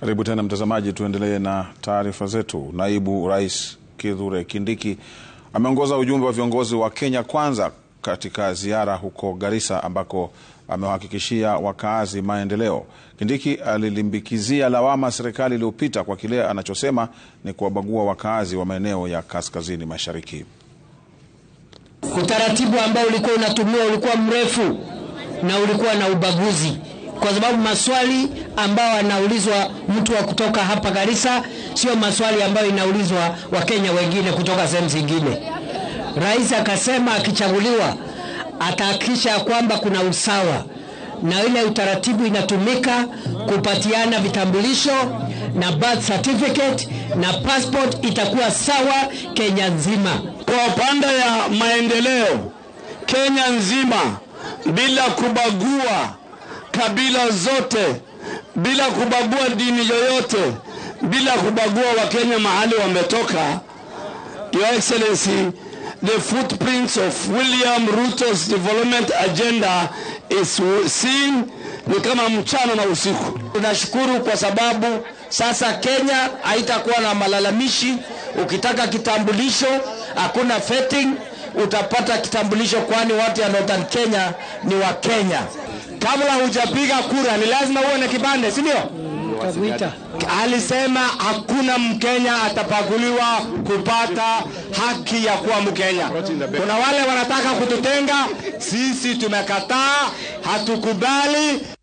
Karibu tena mtazamaji, tuendelee na taarifa zetu. Naibu Rais Kithure Kindiki ameongoza ujumbe wa viongozi wa Kenya Kwanza katika ziara huko Garissa ambako amewahakikishia wakaazi maendeleo. Kindiki alilimbikizia lawama serikali iliyopita kwa kile anachosema ni kuwabagua wakaazi wa maeneo ya kaskazini mashariki. Utaratibu ambao ulikuwa unatumia ulikuwa mrefu na ulikuwa na ubaguzi kwa sababu maswali ambayo anaulizwa mtu wa kutoka hapa Garissa sio maswali ambayo inaulizwa Wakenya wengine kutoka sehemu zingine. Rais akasema akichaguliwa atahakikisha kwamba kuna usawa na ile utaratibu inatumika kupatiana vitambulisho na birth certificate na passport itakuwa sawa Kenya nzima. Kwa upande ya maendeleo Kenya nzima bila kubagua kabila zote bila kubagua dini yoyote, bila kubagua Wakenya mahali wametoka. Your Excellency, the footprints of William Ruto's development agenda is seen, ni kama mchana na usiku. Tunashukuru kwa sababu sasa Kenya haitakuwa na malalamishi. Ukitaka kitambulisho, hakuna vetting, utapata kitambulisho, kwani watu ya Northern Kenya ni wa Kenya kabla hujapiga kura ni lazima uwe na kipande, si ndio? Alisema hakuna Mkenya atapaguliwa kupata haki ya kuwa Mkenya. Kuna wale wanataka kututenga, sisi tumekataa, hatukubali.